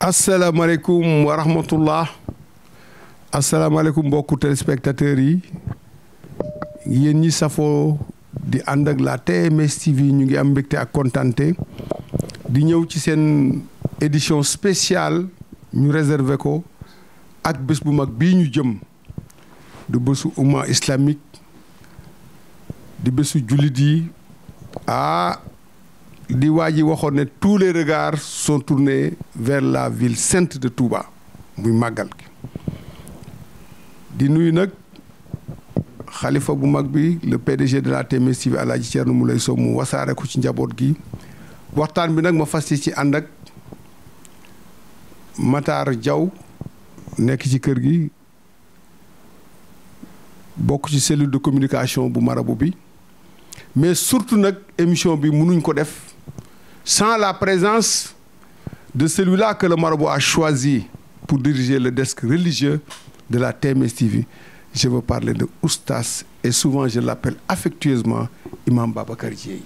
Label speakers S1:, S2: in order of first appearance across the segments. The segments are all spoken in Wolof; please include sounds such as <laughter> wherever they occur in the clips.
S1: asalaamaaleykum wa rahmatullah asalaamaaleykum mbokku téléspectateurs yi yéen ñi safoo di ànd ak la TMS TV ñu ngi am mbégte ak kontante di ñëw ci seen édition spéciale ñu réservé ko ak bés bu mag bii ñu jëm du bésu umma islamique di bésu jullit yi ah li waa ji waxoon ne tous les regards sont tournés vers la ville sainte de Touba muy màggal di nuyu nag xalifa bu mag bi le PDG de la TMS TV Alaaji Thierno Moulay Sow mu wasaare ko ci njaboot gi waxtaan bi nag ma fas ci ànd ak Matar Diaw nekk ci kër gi bokk ci cellule de communication bu marabu bi mais surtout nag émission bi mënuñ ko def sans la présence de celui-là que le marabout a choisi pour diriger le desk religieux de la TMS TV je veux parler de oustas et souvent je l'appelle affectueusement imam Babacar Dieye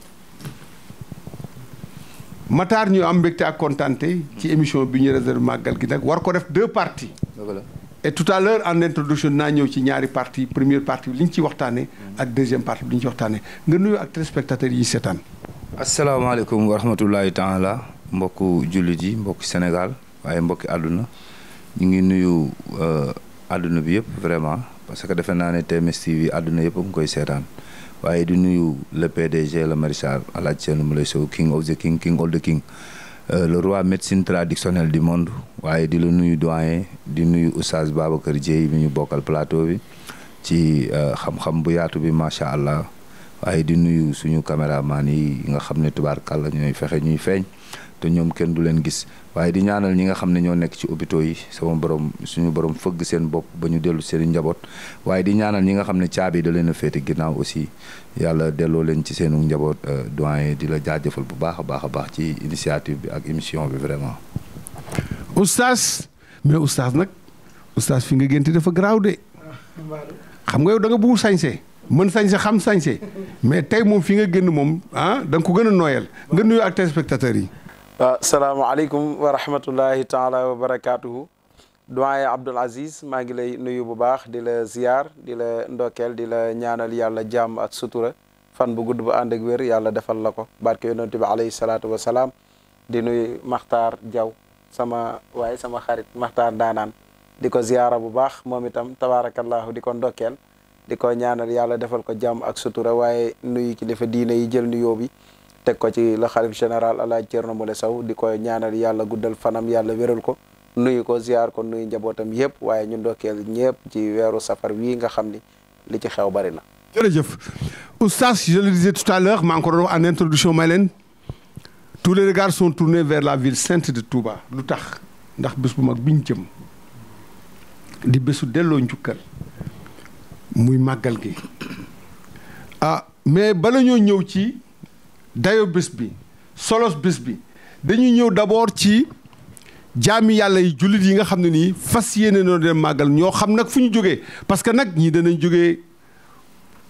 S1: Matar ñu am mbégte ak kontaante ci émission bi ñu réserve màggal gi nag war ko def deux parties et tout à l'heure en introduction naa ñëw ci ñaari partie première partie bi li ñu ciy waxtaane ak deuxième partie bi li ñu ci waxtaane nga nuyu ak téléspectateurs yi seetaan
S2: asalaamaaleykum wa rahmatullahi taala mbokku jullit yi mbokku Sénégal waaye mbokki àdduna ñu ngi nuyu euh, àdduna bi yëpp vraiment parce que defe naa ne TMS TV àdduna yëpp a koy seetaan waaye di nuyu le PDG le maréchal El Hadj Thierno Moule Sow king of the king king of the king euh, le roi médecine traditionnelle du monde waaye di la nuyu doyen di nuyu Oustaz Babacar kër bi ñu bokkal plateau bi ci euh, xam-xam bu yaatu bi macha allah. waaye di nuyu suñu maan yi nga xam ne tubaar tubaarkàlla ñooy fexe ñuy feeñ te ñoom kenn du leen gis waaye di ñaanal ñi nga xam ne ñoo nekk ci hôpitaux yi sama borom suñu borom fëgg seen bopp ba ñu dellu seen njaboot waaye di ñaanal ñi nga xam ne caabi da leen féete ginnaaw aussi yàlla delloo leen ci seenu njaboot euh, doyen di la jaajëfal bu baax a baax a baax ci initiative bi ak émission bi vraiment.
S1: oustaz mais oustaz nag oustaz fi nga génti dafa garaaw de. Ah, xam nga yow da nga bëgg mën sañse xam sañse mais tey moom fii nga
S3: génn moom ah da nga ko gën a nooyal nga nuyu ak téléspectateurs yi waaw ah, salaamaaleykum wa rahmatullahi taala wa barakaatuhu doyen Abdoul maa ngi lay nuyu bu baax di la ziar di la ndokkeel di la ñaanal yàlla jàmm ak sutura fan bu gudd bu ànd ak wér yàlla defal la ko barke yonent bi alayhi salaatu wa salaam di nuyu Makhtar Diaw sama waaye sama xarit Makhtar daanaan di ko ziara bu baax moom itam tabaarakallahu di ko di ko ñaanal yàlla defal ko jàmm ak sutura waaye nuyu kilifa diine yi jël nuyoo bi teg ko ci la xalif général alaaj Thierno Moule Sow di ko ñaanal yàlla guddal fanam yàlla wéral ko nuyu ko ziar ko nuyu njabootam yëpp waaye ñun doo ndokkeel ñëpp ci weeru safar wii nga xam ni li ci xew bari na.
S1: jërëjëf oustaz je le disais tout ko doon wax en introduction may leen tous les regards sont tournés vers la ville sainte de Touba lu tax ndax bés bu mag biñ jëm di bésu delloo njukkal. muy màggal gi ah mais bala ñoo ñëw ci dayo bés bi solos bés bi dañuy ñëw d'abord ci jaami yàlla yi jullit yi nga xam ne nii fas yéene noo dem màggal ñoo xam nag fu ñu jógee parce que nag ñii danañ jógee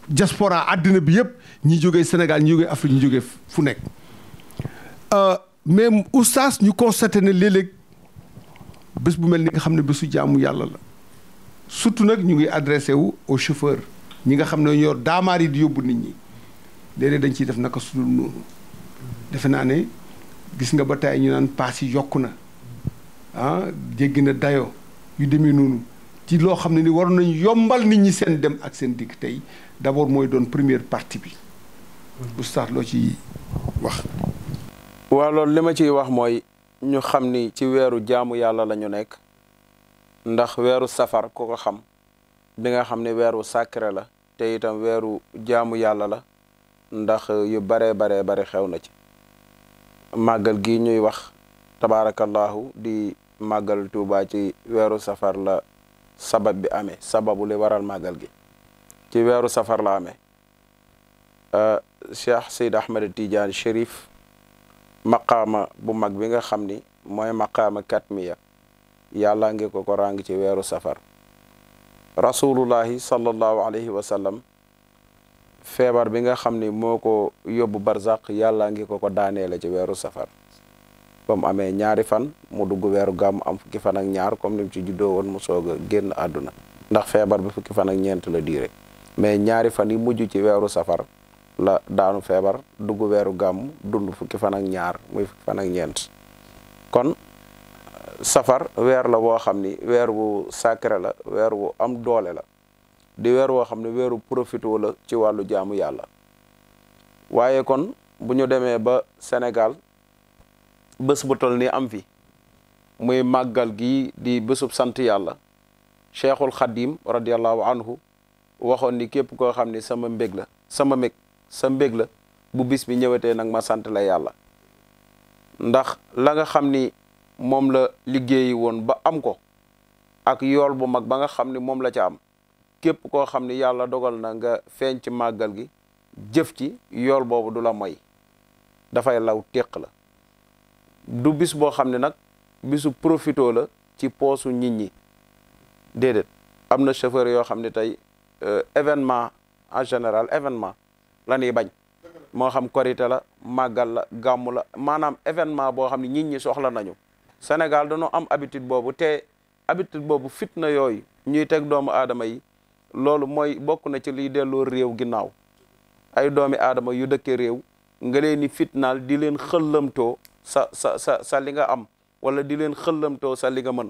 S1: diaspora àddina bi yëpp ñi jógee Sénégal ñi jógee Afrique ñi jógee fu nekk ah, mais oustaz ñu constaté ne léeg-léeg bés bu mel ni nga xam ne bésu jaamu yàlla la surtout nag ñu ngi adressé wu au chauffeur ñi nga xam ne ñoo daamaar yi di yóbbu nit ñi léeg dañ ciy def naka sudul noonu defe naa ne gis nga ba tey ñu naan paas yi yokku na ah jéggi na dayoo yu demee noonu ci loo xam ne ni war nañu yombal nit ñi seen dem ak seen dikk tey d'abord mooy doon première partie bi oustaz loo ci wax
S3: waaw loolu li ma ciy wax mooy ñu xam ni ci weeru jaamu yàlla la ñu nekk ndax weeru safar ku ko xam di nga xam ne weeru sacré la te itam weeru jaamu yàlla la ndax yu baree baree bare xew na ci màggal gi ñuy wax tabaarakallaahu di màggal tuuba ci weeru safar la sabab bi amee sababu li waral màggal gi ci weeru safar la amee euh, cheikh seyd ahmed tidiane chérif maqaama bu mag bi nga xam ni mooy maqaama katmiya yàlla ngi ko ko ràng ci weeru safar rasulullahi sallallahu alayhi wa sallam feebar bi nga xam ni moo ko yóbbu barzaq yàlla ngi ko ko daaneele ci weeru safar ba mu amee ñaari fan mu dugg weeru gàmm am fukki fan ak ñaar comme ni mu ci juddoo woon mu soog a génn àdduna ndax feebar bi fukki fan ak ñeent la diire mais ñaari fan yi mujj ci weeru safar la daanu feebar dugg weeru gàmm dund fukki fan ak ñaar muy fukki fan ak ñeent kon safar weer la woo xam ni weer wu sacré la weer wu am doole la di weer woo xam ne weeru profité la ci wàllu jaamu yàlla waaye kon bu ñu demee ba Sénégal bés bu tol ni am fi muy màggal gi di bésub sant yàlla cheikhul xadim radiallahu anhu waxoon ni képp koo xam ni sama mbég la sama mbég sa mbég la bu bis bi ñëwetee nag ma sant la yàlla ndax la nga xam ni moom la liggéey woon ba am ko ak yool bu mag ba nga xam ni moom la ca am képp koo xam ni yàlla dogal na nga feeñ ci màggal gi jëf ci yool boobu du la moy dafay law téq la du bis boo xam ne nag bisu profito la ci poosu nit ñi déedéet am na chauffeur yoo xam ne tey euh, événement en général événement la ñuy bañ moo xam korite la màggal la gàmmu la maanaam événement boo xam ne nit ñi soxla nañu Sénégal dañoo am habitude boobu te habitude boobu fitna yooyu ñuy teg doomu aadama yi loolu mooy bokk na ci liy delloo réew ginnaaw ay doomi aadama yu dëkke réew nga leen di fitnaal di leen xëllamtoo sa sa sa sa li nga am wala di leen xëllamtoo sa li nga mën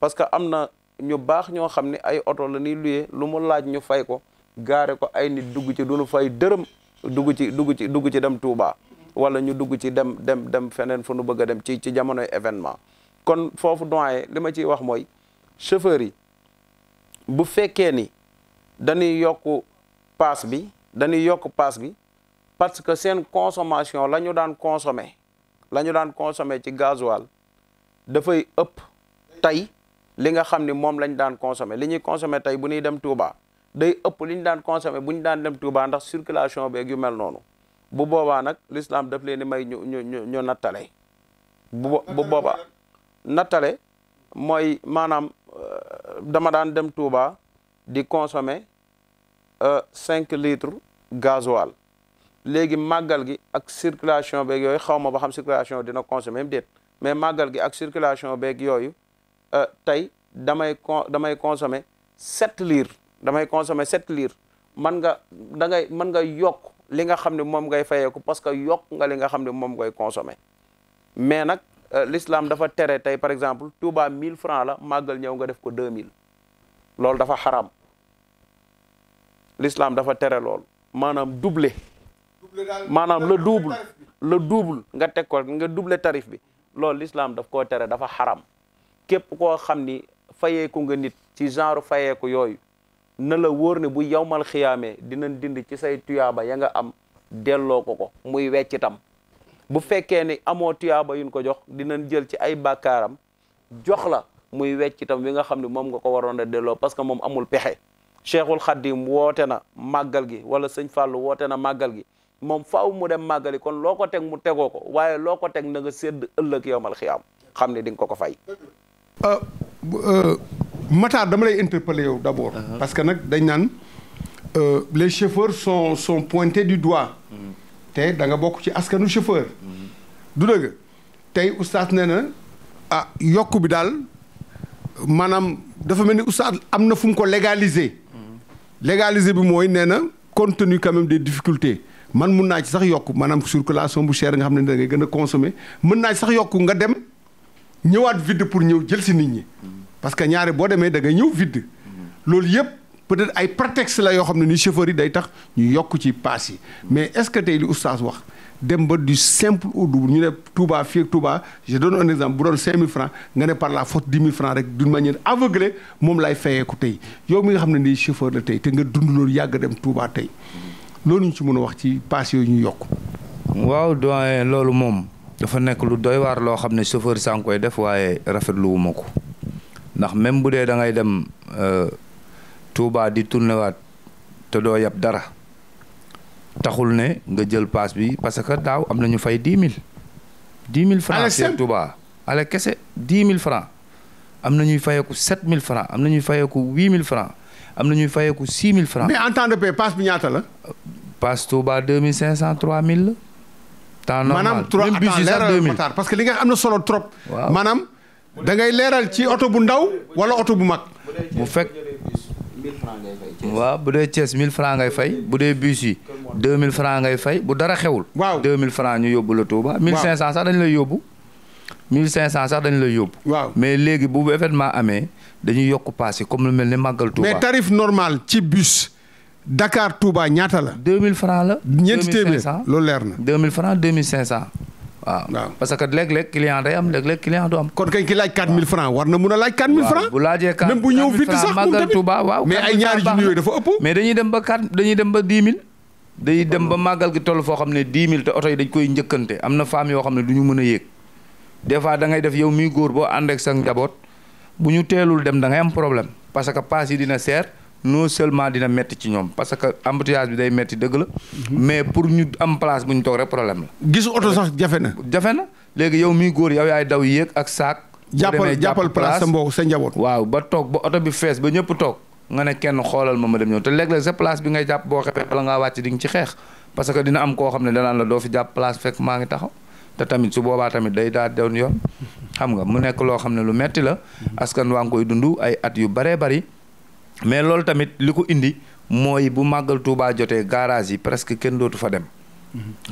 S3: parce que am na ñu baax ñoo xam ni ay oto la ñuy lu mu laaj ñu fay ko gaare ko ay nit dugg ci du ñu fay dërëm dugg ci dugg ci dugg ci dem Touba. wala ñu dugg ci dem dem dem feneen fu nu bëgg a dem ci ci jamonoy événement kon foofu doyen li ma ciy wax mooy chauffeur yi bu fekkee ni dañuy yokk paas bi dañuy yokk paas bi parce que seen consommation la ñu daan consommer la ñu daan consommer ci gasoil dafay ëpp tey li nga xam ni moom lañ daan consommer li ñuy consommer tey bu ñuy dem Touba day ëpp li ñu daan consommer bu ñu daan dem Touba ndax circulation beeg mel noonu bu boobaa nag l'islam daf leen di may ñu ñu ñu ñu nattale bu bu boobaa nattale mooy maanaam euh, dama daan dem Touba di consommer euh, cinq litres gasoil léegi màggal gi ak circulation beeg yooyu xaw ma ba xam circulation dina consommer même déet mais màggal gi ak circulation beeg yooyu euh, tey damay con damay consommer sept litres damay consommer sept litres mën nga dangay ngay mën nga yokk li nga xam ne moom ngay fayeeku parce que yokk nga li nga xam ne moom ngay consommer mais nag euh, l'islam dafa tere tey par exemple Touba mille francs la màggal ñëw nga def ko mille loolu dafa xaram l'islam dafa tere lool maanaam doublé maanaam le double le double nga teg ko nga duble tarif bi loolu l'islam daf koo tere dafa xaram képp koo xam ni fayeeku nga nit ci genre fayeeku yooyu na la wóor ne bu yawmal xiyaamee dinañ dind ci say tuyaaba ya nga am delloo ko ko muy weccitam bu fekkee ni amoo tuyaaba yuñ ko jox dinañ jël ci ay bakaaram jox la muy weccitam wi nga xam ne moom nga ko waroon a delloo parce que moom amul pexe cheikhul xaddim woote na màggal gi wala sëñ fàllu woote na màggal gi moom faaw mu dem màggali kon loo ko teg mu tegoo ko waaye loo ko teg na nga sédd ëllëg yowmal xiyaam xam ne di ko ko fay
S1: ah, euh, Matar dama lay interpeller yow d'abord. Uh-huh. parce que nag dañ naan euh, les chauffeurs son sont pointés du doigt. Mm-hmm. te da nga bokk ci askanu chauffeur. Mm-hmm. du dëgg tey oustaz nee na ah yokk bi daal maanaam dafa mel ni oustaz am na fu mu ko légaliser. Mm-hmm. légaliser bi mooy nee na compte tenu quand même man mun naa ci sax yokk maanaam circulation bu cher nga xam ne da ngay gën a consommer mën naa ci sax yokk nga dem ñëwaat vide pour ñëw jël si nit ñi. parce que ñaare boo demee da ñëw vide loolu yëpp peut-être ay prétexte la yoo xam ne ni chauffeur yi day tax ñu yokk ci paas yi mais est-ce que tey li oustaz wax dem ba du simple au double ñu ne Touba fii ak Touba je donne un exemple bu doon 5000 francs nga ne par la faute 10 000 francs rek d'une manière aveuglée moom lay ko tey yow mi nga xam ne nii chauffeur la tey te nga dund loolu yàgg dem Touba tey loolu ñu ci mën a wax ci paas yooyu ñu yokk.
S2: waaw doyen loolu moom dafa nekk lu doy loo xam ne chauffeur saa ngi def waaye rafetlu ma ko. ndax même bu dee da ngay dem euh, Touba di tourné waat te doo yab dara taxul ne nga jël paas bi parce que daaw am na ñu fay dix mille. dix mille franc Cheikh ale kese dix mille franc am na ñuy fayeeku sept mille franc am na ñuy fayeeku huit mille franc am na ñuy fayeeku six mille franc. mais
S1: en temps de paix paas bi ñaata la.
S2: paas Touba deux mille cinq cent trois mille
S1: la. temps normal maanaam trois attends parce que li nga am na solo trop. waaw da ngay leeral ci oto bu ndaw wala oto bu mag. bu fekk
S2: waaw bu dee Thiès 1000 francs ngay fay bu dee bus yi 2000 ngay fay bu dara xewul. waaw mille francs ñu yóbbu la Touba. waaw 1500 sax dañu lay yóbbu. 1500 sax dañu lay yóbbu. waaw mais léegi bu événement amee dañuy yokk paas comme lu mel ni màggal Touba. mais
S1: tarif normal ci bus. Dakar Touba ñaata la. 2000 francs la. ñeenti téeméer
S2: loolu leer na. 2000 francs 2500. waaw waaw parce que léeg-léeg client day am léeg-léeg client du am. kon kañ
S1: ki laaj 4000 francs war na mun a laaj 4000 francs bu
S2: laajee 4000 même bu ñëw fii sax màggal Tuuba waaw mais dem ba 4 dañuy dem dem ba màggal gi toll foo xam ne 10 000 te oto yi dañ koy njëkkante am na femmes yoo xam ne du ñu mën a yéeg. des fois da ngay def yow miy góor boo ànd ak sa njaboot bu ñu teelul dem da ngay am problème parce que paas yi dina seer. non seulement dina métti ci ñoom parce que embouteillage bi day métti dëgg la. mais pour ñu am place bu ñu toog rek problème la.
S1: gisu oto sax jafe na.
S2: jafe na léegi yow mii góor yow yaay daw yéeg ak saak. jàppal jàppal place sa mbokk sa njaboot. waaw ba toog ba oto bi fees ba ñëpp toog nga ne kenn xoolal ma ma dem ñëw te léeg-léeg sa place bi ngay jàpp boo xamee bala ngaa wàcc nga ci xeex parce que dina am koo xam ne danaan la doo fi jàpp place fekk maa ngi taxaw. te tamit su boobaa tamit day daal doon yoon xam nga mu nekk loo xam ne lu metti la askan waa ngi koy dund ay at yu baree bari mais loolu tamit li ko indi mooy bu màggal Touba jotee garage yi presque kenn dootu fa dem.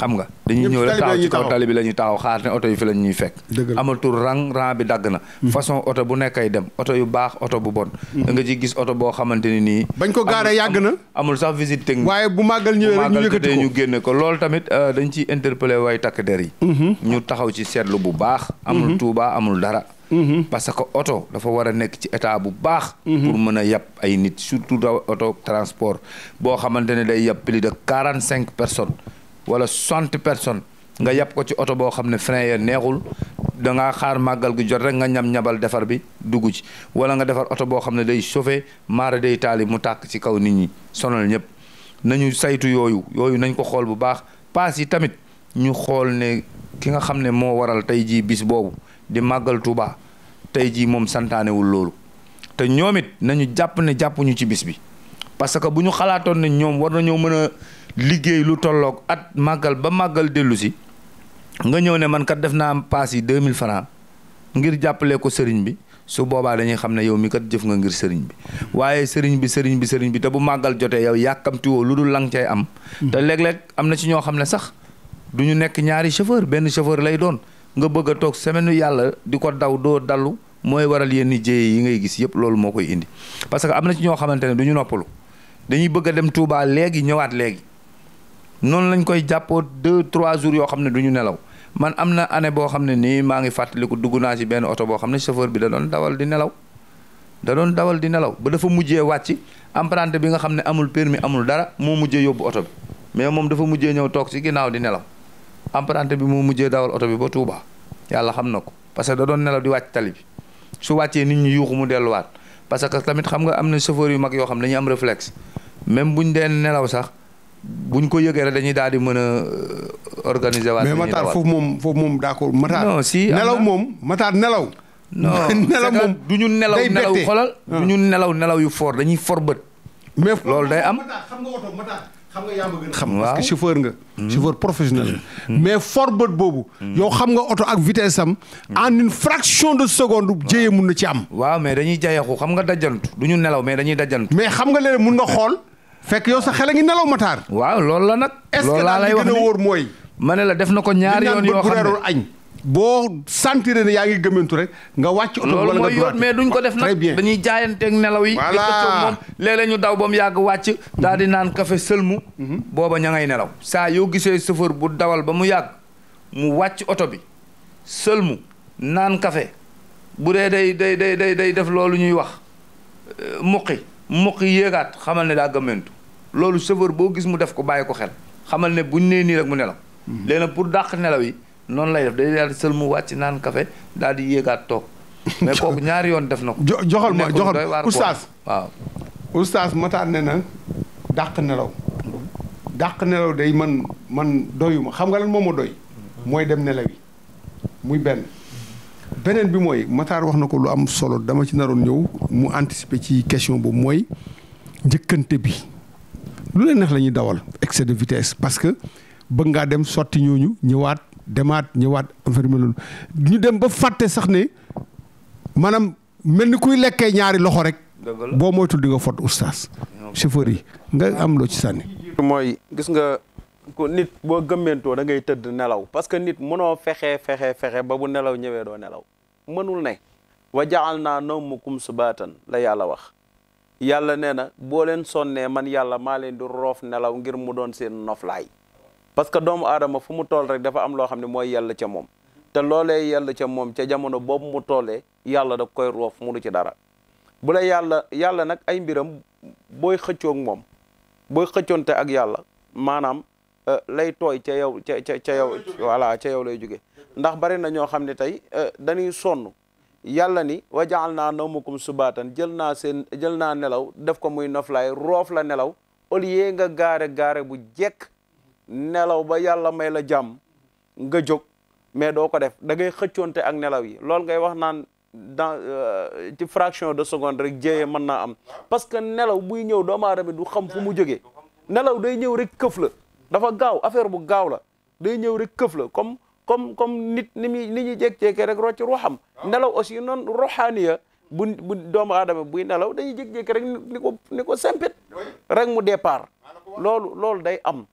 S2: xam nga dañuy ñëw rek taxaw ci kaw bi la ñuy taxaw xaar oto yi fi ñuy fekk. amatul rang rang bi dagg na. Hmm. façon oto bu nekkay dem oto yu baax oto bu bon. Hmm. nga ci gis oto boo xamante ni nii. bañ ko gaaree yàgg na amul sax visite waaye
S1: bu màggal ñëwee rek ñu yëkkati ko ñu
S2: génne ko loolu tamit euh, dañ ciy interpellé way takk der yi. Hmm. ñu taxaw ci seetlu bu baax. amul Touba amul dara. Mhm. parce que oto dafa war a nekk ci état bu baax. Mhm. pour mën a yàpp ay nit surtout daw oto transport boo xamante ne day yab plus de quarante cinq personnes wala soixante personnes nga yàpp ko ci oto boo xam ne frein ya neexul. da ngaa xaar màggal gi jot rek nga ñam ñabal defar bi dugg ci wala nga defar oto boo xam ne day chauffé maara day taali mu tàkk ci kaw nit ñi sonal ñëpp nañu saytu yooyu yooyu nañ ko xool bu baax paas yi tamit ñu xool ne ki nga xam ne moo waral tey jii bis boobu di màggal Touba tey jii moom santaanewul loolu te ñoom it nañu jàpp ne jàppuñu ci bis bi parce que bu ñu xalaatoon ne ñoom war nañoo mën a liggéey lu tolloog at màggal ba màggal dellu si nga ñëw ne man kat def naa paas yi 2000 francs ngir jàppale ko sëriñ bi su boobaa dañuy xam ne yow mi kat jëf nga ngir sëriñ bi waaye sëriñ bi sëriñ bi sëriñ bi te bu màggal jotee yow yàkkamtiwoo lu dul lang cay am. Mm. te léeg-léeg am na ci ñoo xam ne sax du ñu nekk ñaari chauffeur benn chauffeur lay doon. nga bëgg a toog semaine yàlla di ko daw doo dallu mooy waral yenn jéey yi ngay gis yëpp loolu moo koy indi parce que am na ci ñoo xamante ne duñu ñu noppalu dañuy bëgg a dem Touba léegi ñëwaat léegi noonu lañ koy jàppoo deux trois jours yoo xam ne duñu nelaw man am na année boo xam ne nii maa ngi fàttaliku dugg naa ci benn oto boo xam ne chauffeur bi da doon dawal di nelaw da doon dawal di nelaw ba dafa mujjee wàcc emprunté bi nga xam ne amul permis amul dara moo mujjee yóbbu oto bi mais moom dafa mujjee ñëw toog ci ginnaaw di nelaw. apprenti bi moo mujjee dawal oto bi ba Touba yàlla xam na ko parce que da doon nelaw di wàcc tali bi su wàccee nit ñi yuuxu mu delluwaat parce que tamit xam nga am na chauffeur yu mag yoo xam dañuy am réflexe même ñu dee nelaw sax bu buñ ko yëgee rek dañuy daal di mën a euh, organiser waat mais Matar foofu
S1: moom foofu moom d'accord Matar non si nelaw moom Matar nelaw non <laughs> nelaw moom du ñu nelaw nelaw xolal du ah. ñu
S2: nelaw nelaw yu foor dañuy for bët
S1: mais loolu day am xam nga yaa ma gën a xam parce que chauffeur nga. Hmm. chauffeur professionnel hmm. Hmm. mais forbët boobu. yow xam nga oto ak vitesse am. en une fraction de seconde. jéye mun na ci am. waaw mais dañuy jayaxu xam nga dajantu du ñu nelaw mais dañuy dajantu. mais xam nga léeg-léeg mun nga xool. fekk yow sa xel a ngi nelaw mataar. waaw loolu la nag. loolu laa lay wax est ce que daal li gën a wóor mooy. ma ne la def na ko ñaari yoon yoo xam ne boo sentir ne yaa ngi gëmëntu rek nga wàcc oto wala nga droit mais duñ ko def nag
S2: dañuy jaayanteeg nelaw yi di ko moom léeg ñu daw ba mu yàgg wàcc daal di naan kafe sëlmu mhm. booba ña ngay nelaw saa yoo gisee chauffeur bu dawal ba mu yàgg mu wàcc oto bi sëlmu naan kafe bu dee day day day day day def loolu ñuy wax euh, muqi muqi yéegaat xamal ne daa gëmëntu loolu chauffeur boo gis mu def ko bàyyi ko xel xamal ne buñ nee nii rek mu nelaw mhm. léegi nag pour dàq nelaw yi noonu lay def day daal di sëlmu wàcc naan kafe daal di yéegaat toog
S1: <laughs> mais kooku ñaari yoon def na ko. joxal ma joxal oustaz waaw. oustaz Matar ne na dàq nelaw. dàq nelaw day man man doyuma xam nga lan moo ma doy. mooy dem nelaw yi muy benn. beneen bi mooy Matar wax na ko lu am solo dama ci naroon ñëw mu anticiper ci question boobu mooy njëkkante bi. lu leen neex lañuy dawal excès de vitesse parce que bëgg ngaa dem sotti ñooñu ñëwaat. demaat ñëwaat confirmer loolu ñu dem ba fàtte sax ne maanaam mel ni kuy lekkee ñaari loxo rek. boo moytul di nga fot oustaz. chauffeur yi nga am loo ci sànni.
S3: mooy gis nga ko nit boo gëmmentoo da ngay tëdd nelaw parce que nit mënoo fexe fexe fexe ba bu nelaw ñëwee doo nelaw mënul ne. wa jaal naa nawmakum subaatan la yàlla wax yàlla nee na boo leen sonnee man yàlla maa leen di roof nelaw ngir mu doon seen noflaay parce que doomu aadama fu mu tool rek dafa am loo xam ne mooy yàlla ca moom te loole yàlla ca moom ca jamono boobu mu toolee yàlla da koy roof munu ci dara bu la yàlla yàlla nag ay mbiram booy xëccook moom booy xëccoonte ak yàlla maanaam euh, lay tooy ca yow ca ca ca yow voilà ca yow lay jóge ndax bari na ñoo xam ne tey euh, dañuy sonn yàlla ni wa jaal naa kom subaatan jël naa seen jël naa nelaw def ko muy noflaay roof la nelaw au nga gaare gaare bu jekk nelaw ba yàlla may la jàmm nga jóg mais doo ko def da ngay xëccoonte ak nelaw yi loolu ngay wax naan dans euh, ci fraction de seconde rek jéyee mën naa am parce que nelaw buy ñëw doomu aadama du xam fu mu jógee nelaw day ñëw rek këf la dafa gaaw affaire bu gaaw la day ñëw rek këf la comme comme comme nit ni muy ni ñuy jékki-jékki rek rocc ruuxam nelaw aussi noonu ruuxaaniya bu bu doomu aadama buy nelaw dañuy jékki-jékki rek ni ko ni ko sempit rek mu départ loolu day am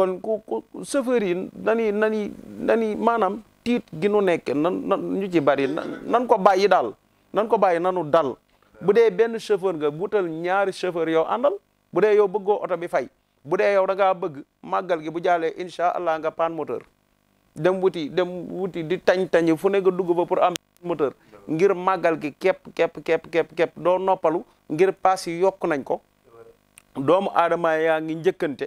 S3: kon ku ku chauffeur yi nani nani nani maanaam tiit gi nu nekk nan ñu ci bari nan ko bàyyi daal nan ko bàyyi nanu dal bu dee benn chauffeur nga wutal ñaari chauffeur yow àndal bu dee yow bëggoo oto bi fay bu dee yow da ngaa bëgg màggal gi bu jàllee incha allah nga panne moteur dem wuti dem wuti di tañ-tañ fu ne nga dugg ba pour am moteur ngir màggal gi képp képp képp képp képp doo noppalu ngir paas yi yokk nañ ko doomu aadama yaa ngi njëkkante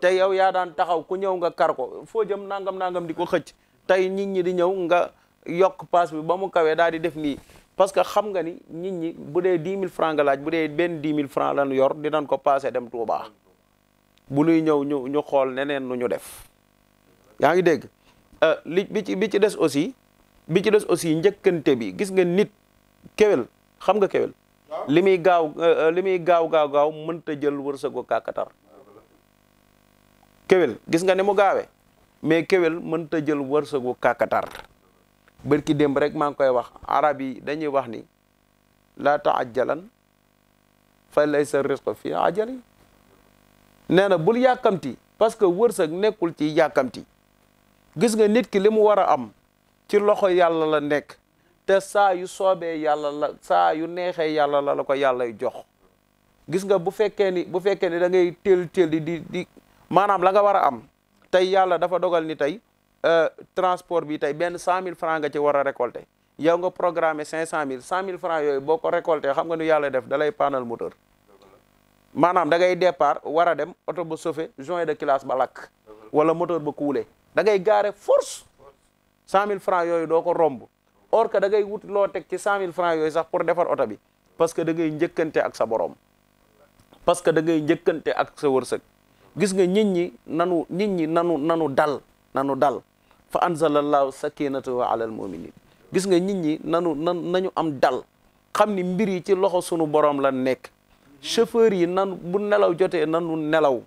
S3: te yow yaa daan taxaw ku ñëw nga kar ko foo jëm nangam nangam di ko xëcc tey nit ñi di ñëw nga yokk paas bi ba mu kawee daal di def nii parce que xam nga ni nit ñi bu dee dix mille franc nga laaj bu dee benn dix mille franc lañu yor dinañ ko passé dem Touba bu nuy ñëw ñu ñu xool neneen nu ñu def yaa ngi dégg euh, li bi ci bi ci des aussi bi ci des aussi njëkkante bi gis nga nit kéwél xam nga kewel li muy gaaw euh, euh, li muy gaaw gaaw gaaw mënta jël wërsëgu kàkkatar kéwél gis nga ne mu gaawe mais kéwél mënta jël wërsëgu kàkkatar bërki démb rek maa ngi koy wax arab yi dañuy wax ni laa taajalan fa laysa risqu fi ajali nee na bul yàkkamti parce que wërsëg nekkul ci yàkkamti gis nga nit ki li mu war a am ci loxo yàlla la nekk te saa yu soobee yàlla la saa yu neexee yàlla la la ko yàlla jox gis nga bu fekkee ni bu fekkee ni di di maanaam la nga war a am tey yàlla dafa dogal ni tey euh, transport bi tey benn cent mille franc nga ci war a récolter yow nga programmé cinq cent mille cent mille franc yooyu boo ko récolté xam nga nu yàlla def dalay paanal moteur maanaam da ngay départ war dem oto ba sauvé joint de classe ba lakk wala moteur ba kuule da ngay gaare force cent mille franc yooyu doo ko romb or que da ngay wut loo teg ci cent mille franc yooyu sax pour defar oto bi parce que da ngay njëkkante ak sa borom parce que da ngay njëkkante ak sa wërsëg gis nga nit ñi nanu nit ñi nanu nanu dal nanu dal fa anzalallahu sakinatahu ala almuminin gis nga nit ñi nanu nan nañu am dal xam ni mbir yi ci loxo sunu borom lan nekk chauffeur yi nan bu nelaw jotee nanu nelaw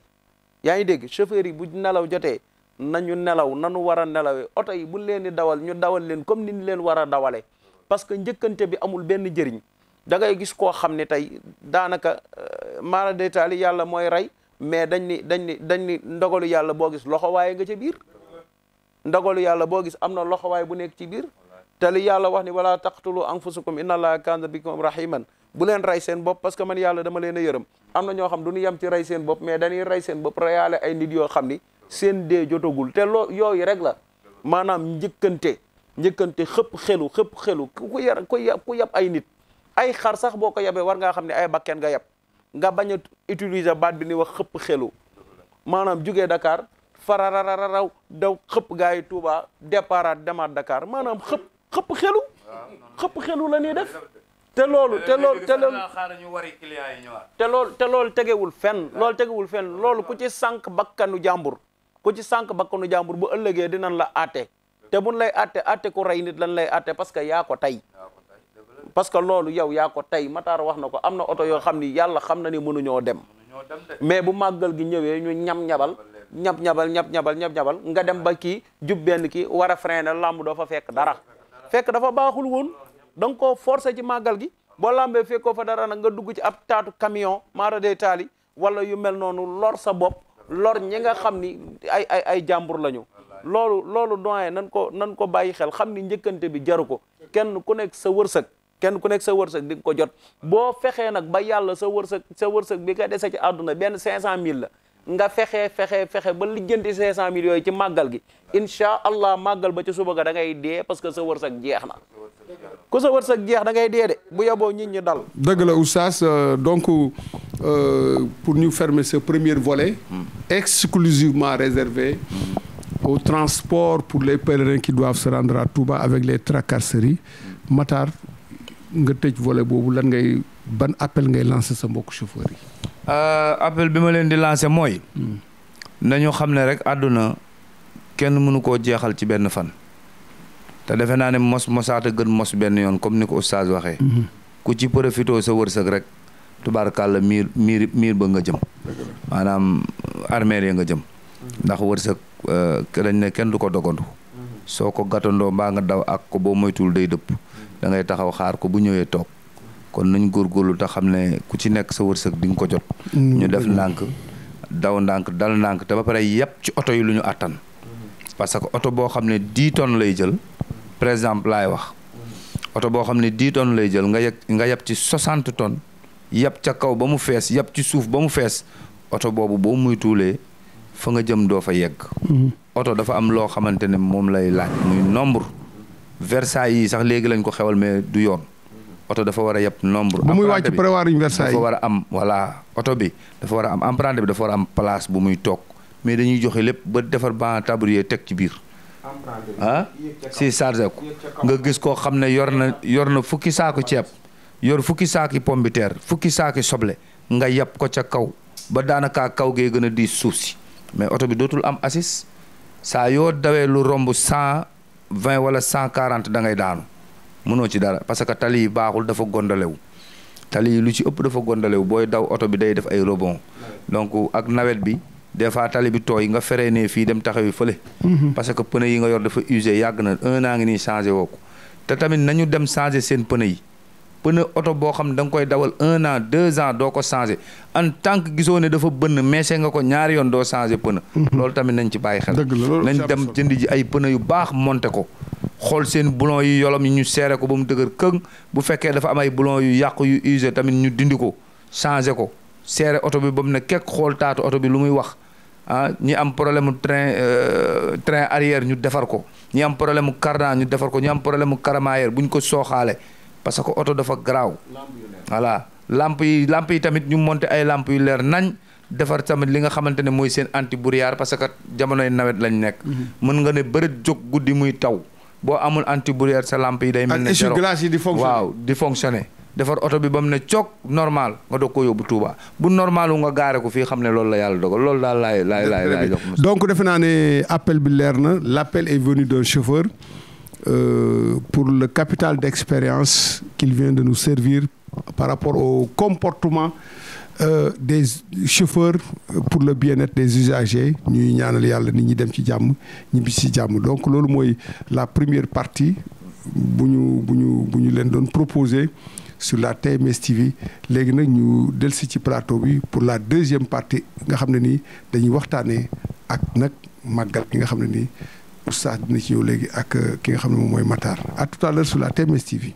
S3: yaa ngi dégg chauffeur yi bu nelaw jotee nañu nelaw nanu war a nelawee oto yi bu leen di dawal ñu dawal leen comme ni ñu leen war a dawalee parce que njëkkante bi amul benn jëriñ da gis koo xam ne tey daanaka euh, maara detaali yàlla mooy rey mais dañ ni dañ ni dañ ndogalu yàlla boo gis loxowaay nga ci biir ndogalu yàlla boo gis am na loxowaay bu nekk ci biir te li yàlla wax ni wala taqtulu anfusakum inna allaha kaana bikum rahiman bu leen rey seen bopp parce que man yàlla dama leen a yërëm am na ñoo xam du ñu yem ci rey seen bopp mais dañuy rey seen bopp reyaale ay nit yoo xam ni seen dee jotogul te loo yooyu rek la maanaam njëkkante njëkkante xëpp xelu xëpp xelu ku yar yab ay nit ay xar sax boo ko yabee war ngaa xam ne ay bakken nga yab nga bañ a utiliser baat bi ni wax xëpp xelu maanaam jugee Dakar fararararaw daw xëpp gars yi Touba départ demaat Dakar maanaam xëpp xëpp xelu xëpp xelu la ñuy def te loolu te loolu te loolu te loolu te loolu tegewul fenn loolu tegewul fenn loolu ku ci sànq bakkanu jàmbur ku ci sànq bakkanu jàmbur bu ëllëgee dinañ la aate te buñ lay aate aate ku rey nit lañ lay aate parce que yaa ko tey parce que loolu yow yaa ko tey Matar wax na ko am na oto yoo xam ni yàlla xam na ni mënuñoo dem mais bu màggal gi ñëwee ñu ñam-ñabal ñab-ñabal ñab-ñabal ñab-ñabal nga dem ba kii jub benn kii war a na làmb doo fa fekk dara fekk dafa baaxul woon da nga koo forcé ci màggal gi boo làmbee fekkoo fa dara na nga dugg ci ab taatu camion maara day taali wala yu mel noonu lor sa bopp lor ñi nga xam ni ay ay ay jàmbur lañu loolu loolu doyen nan ko nan ko bàyyi xel xam ni njëkkante bi jaru ko kenn ku nekk sa wërsëg kenn ku nekk sa wërsëg di nga ko jot boo fexee nag ba yàlla sa wërsëg sa wërsëg bi nga dese ci àdduna benn mille la nga fexe fexe fexe ba lijjanti mille yooyu ci màggal gi incha allah màggal ba ci suba ga da ngay dee parce que sa wërsëg jeex na. ku sa wërsëg jeex da ngay dee de bu yeboo nit ñi dal.
S1: dëgg la oustaz euh, donc euh, pour ñu fermer ce premier volet. Hmm. exclusivement réservé. Hmm. au transport pour les pèlerins qui doivent se rendre à Touba avec les tracasseries. Hmm. Matar nga tëj volet boobu lan ngay ban appel ngay lancer sa mbokk chauffeur yi.
S2: Euh, appel bi ma leen di lancer mooy. Hmm. nañu xam ne rek àdduna kenn mënu koo jeexal ci benn fan. te defe naa ne mos mosaata gën mos benn yoon comme ni ko oustaz waxee. Hmm. ku ci profité sa wërsëg rek. tubaarkàlla miir miir miir ba nga jëm. maanaam armeel ya nga jëm. Hmm. ndax wërsëg euh, dañ ne kenn du ko dogandu. soo ko gàttandoo mbaa nga daw ak ko boo moytuwul day dëpp. da taxaw xaar ko bu ñëwee toog kon nañ góorlu te xam ne ku ci nekk sa wërsëg di nga ko jot mm-hmm. ñu def ndànk daw ndànk dal ndànk te ba pare yàpp ci oto yi lu ñu àttan parce que oto boo xam ne dix tonnes lay jël par exemple laay wax oto boo xam ne dix tonnes lay jël nga yeg nga yàpp ci soixante tonnes yàpp ca kaw ba mu fees yàpp ci suuf ba mu fees oto boobu boo muy tuulee fa nga jëm doo fa yegg mm-hmm. oto dafa am loo xamante ne moom lay laaj muy nombre Versailles yi sax léegi lañ ko xewal mais du yoon oto dafa war a yeb nombre. bu muy wàcc prévoir ñu Versailles dafa war a am voilà oto bi dafa war a am empreinte bi dafa war a am place bu muy toog mais dañuy joxe lépp ba defar ban tablier teg ci biir. ah si chargé ko nga gis koo xam ne yor na yor na fukki saaku ceeb yor fukki saaki pombiteer fukki saaki soble nga yeb ko ca kaw ba daanaka kaw gee gën a diis suuf si mais oto bi dootul am assise saa yoo dawee lu romb cent vingt wala cent quarante da ngay daanu mënoo ci dara parce que tali yi baaxul dafa gondalewu tali yi lu ci ëpp dafa gondalewu booy daw oto bi day def ay rebond donc ak nawet bi des fois tali bi tooy nga feree ne fii dem taxawi fële mhm. parce que pneu yi nga yor dafa usé yàgg na un an ngi nii changé woo ko te tamit nañu dem changé seen pneu yi pneu oto boo xam ne koy dawal un an deux ans doo ko changé en tant que gisoo ne dafa bënn meesee nga ko ñaari yoon doo changé pneu mhm. loolu tamit nañ ci bàyyi xel nañ dem jënd ji ay pneu yu baax monté ko xool seen boulon yu yolom yi ñu seere ko ba mu dëgër këng bu fekkee dafa am ay boulon yu yàqu yu usé tamit ñu dindi ko changé ko seere oto bi ba mu ne kekk xool taatu oto bi lu muy wax ah ñi am problème train euh, train arrière ñu defar ko ñi am problème mu cardan ñu defar ko ñi am problème mu caramayer bu ñu ko sooxaale parce que oto dafa garaaw voilà lamp yi lamp yi tamit ñu monter ay lamp yu leer nañ defar tamit li nga xamante ne mooy seen anti parce que jamonoy nawet lañ nekk mhm. mën nga ne bërët jóg guddi muy taw boo amul anti brouillard sa lamp yi day mel na essuie-glace yi di fonctionner waaw di defar oto bi ba mu ne coog normal nga doog ko yóbbu Touba bu normal wu nga gaare ko fii xam ne loolu la yàlla dogal loolu daal laay laay laay
S1: donc defe naa ne appel bi leer na euh, pour le capital d'expérience qu'il vient de nu servir par rapport au comportement euh, des chauffeurs euh, pour le bien des usagers ñuy ñaanal yàlla nit ñi dem ci jàmm ñibbi ci jàmm donc loolu mooy la première partie bu ñu bu ñu bu ñu leen doon proposer sur la TMS léegi nag ñu delsi ci plateau bi pour la deuxième partie nga xam ne nii dañuy waxtaanee ak nag màggal gi nga xam ne nii. oustaz dina ci yow léegi ak euh, ki nga xam ne moom mooy Matar à tout à l'heure sur la TMS TV